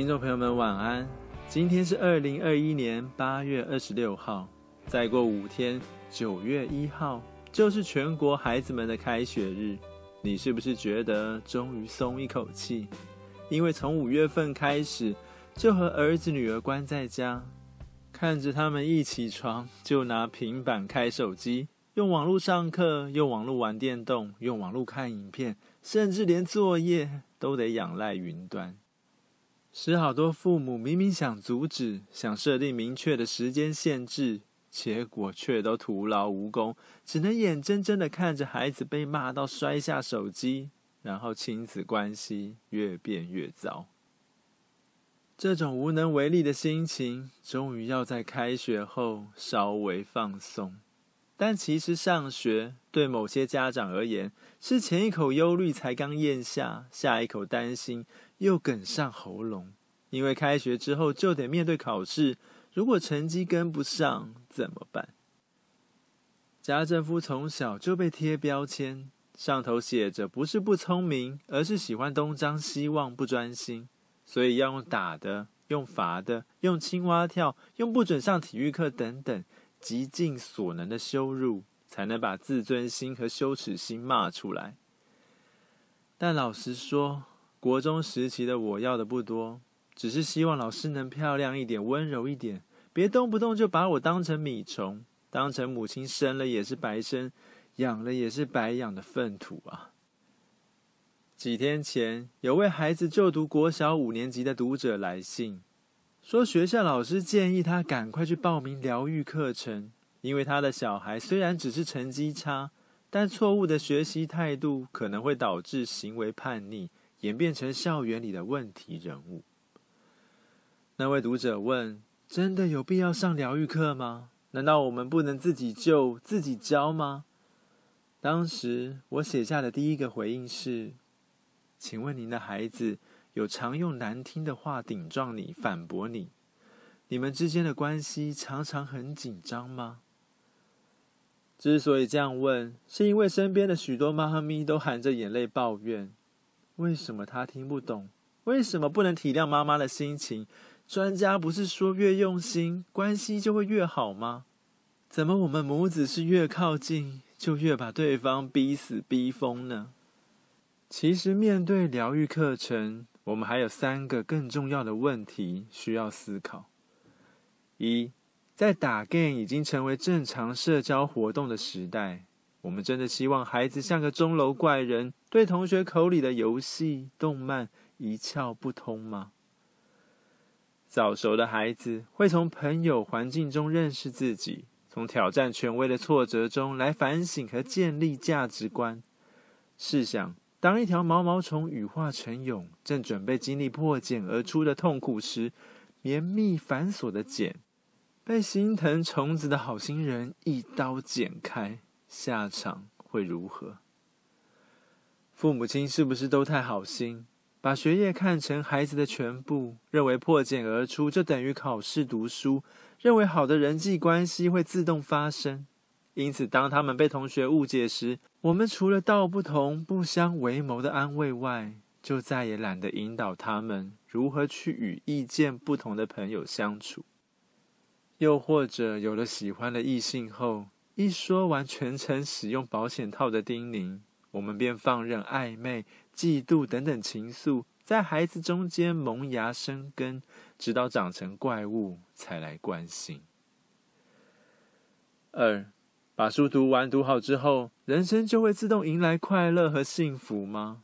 聽眾朋友們，晚安。今天是二零二一年八月二十六號，再過五天，九月一號就是全國孩子們的開學日。你是不是覺得終於鬆一口氣？因為從五月份開始，就和兒子女兒關在家，看着他們一起床就拿平板開手機，用網絡上課，用網絡玩電動，用網絡看影片，甚至連作業都得仰賴雲端。使好多父母明明想阻止，想設定明確的時間限制，結果卻都徒勞無功，只能眼睜睜地看着孩子被罵到摔下手機，然後親子關係越變越糟。這種無能為力的心情，終於要在開學後稍微放鬆。但其實上學對某些家長而言，是前一口憂慮才剛嚥下，下一口擔心。又哽上喉嚨，因為開學之後就得面對考試，如果成績跟不上怎麼辦？家政夫從小就被貼標籤，上頭寫着不是不聰明，而是喜歡東張西望、不專心，所以要用打的、用罰的、用青蛙跳、用不准上體育課等等，極盡所能的羞辱，才能把自尊心和羞恥心罵出來。但老實說，國中時期的我要的不多，只是希望老師能漂亮一點、溫柔一點，別動不動就把我當成米蟲，當成母親生了也是白生，養了也是白養的糞土啊。幾天前，有位孩子就讀國小五年級的讀者來信，說學校老師建議他趕快去報名療育課程，因為他的小孩雖然只是成績差，但錯誤的學習態度可能會導致行為叛逆。演變成校園裡的問題人物。那位讀者問：“真的有必要上療癒課嗎？難道我們不能自己救自己教嗎？”當時我寫下的第一個回應是：“請問您的孩子有常用難聽的話頂撞你、反駁你？你們之間的關係常常很緊張嗎？”之所以這樣問，是因為身邊的許多媽咪都含着眼淚抱怨。為什麼他聽不懂？為什麼不能體諒媽媽的心情？專家不是說越用心，關係就會越好嗎？怎麼我們母子是越靠近，就越把對方逼死逼瘋呢？其實，面對療癒課程，我們還有三個更重要的問題需要思考：一，在打 game 已經成為正常社交活動的時代。我們真的希望孩子像個鐘樓怪人，對同學口裡的遊戲、動漫一竅不通嗎？早熟的孩子會從朋友環境中認識自己，從挑戰權威的挫折中來反省和建立價值觀。試想，當一條毛毛蟲羽化成蛹，正準備經歷破繭而出的痛苦時，綿密繁瑣的繭被心疼蟲子的好心人一刀剪開。下場會如何？父母親是不是都太好心，把學業看成孩子的全部，認為破繭而出就等於考試讀書，認為好的人際關係會自動發生。因此，當他們被同學誤解時，我們除了道不同不相為謀的安慰外，就再也懶得引導他們如何去與意見不同的朋友相處。又或者有了喜歡的異性後，一說完全程使用保險套的叮嚀，我們便放任曖昧、嫉妒等等情愫在孩子中間萌芽生根，直到長成怪物才來關心。二，把書讀完讀好之後，人生就會自動迎來快樂和幸福嗎？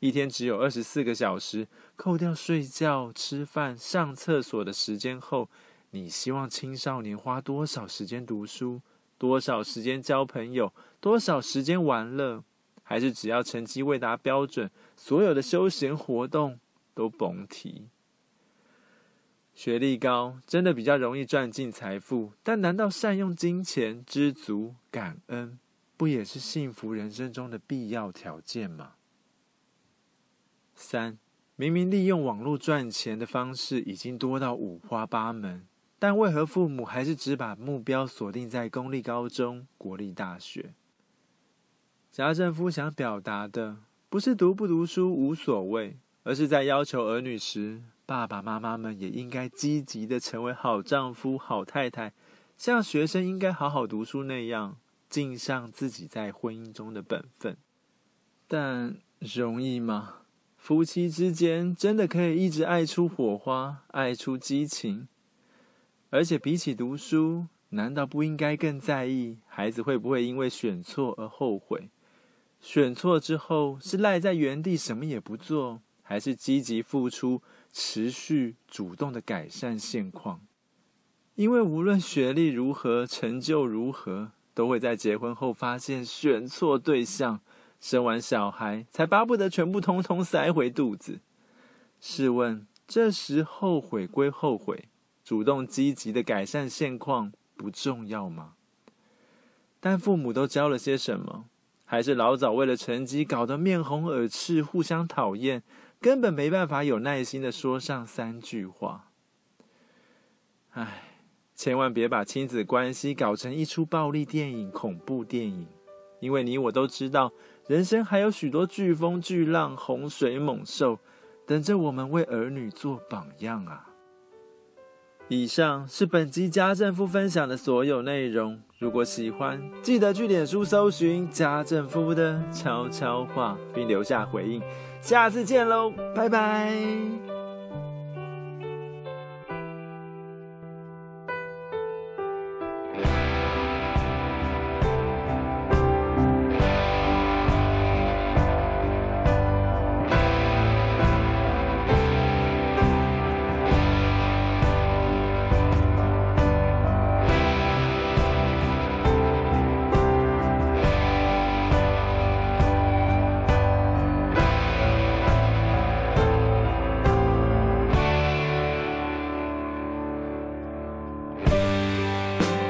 一天只有二十四個小時，扣掉睡覺、吃飯、上廁所的時間後，你希望青少年花多少時間讀書？多少時間交朋友，多少時間玩樂，還是只要成績未達標準，所有的休閒活動都甭提。學歷高真的比較容易賺進財富，但難道善用金錢、知足、感恩，不也是幸福人生中的必要條件嗎？三，明明利用網絡賺錢的方式已經多到五花八門。但為何父母還是只把目標鎖定在公立高中、國立大學？賈政夫想表達的不是讀不讀書無所謂，而是在要求兒女時，爸爸媽媽們也應該積極地成為好丈夫、好太太，像學生應該好好讀書那樣，盡上自己在婚姻中的本分。但容易嗎？夫妻之間真的可以一直愛出火花、愛出激情？而且比起讀書，難道不應該更在意孩子會不會因為選錯而後悔？選錯之後是賴在原地什麼也不做，還是積極付出、持續主動的改善現況？因為無論學歷如何、成就如何，都會在結婚後發現選錯對象，生完小孩才巴不得全部通通塞回肚子。試問，這時後悔歸後悔。主動積極的改善現況不重要嗎？但父母都教了些什麼？還是老早為了成績搞得面紅耳赤，互相討厭，根本沒辦法有耐心的說上三句話。唉，千萬別把親子關係搞成一出暴力電影、恐怖電影，因為你我都知道，人生還有許多颶風、巨浪、洪水、猛獸等着我們為兒女做榜樣啊。以上是本集家政夫分享的所有內容。如果喜歡，記得去臉書搜尋家政夫的悄悄話，並留下回應。下次見嘍，拜拜。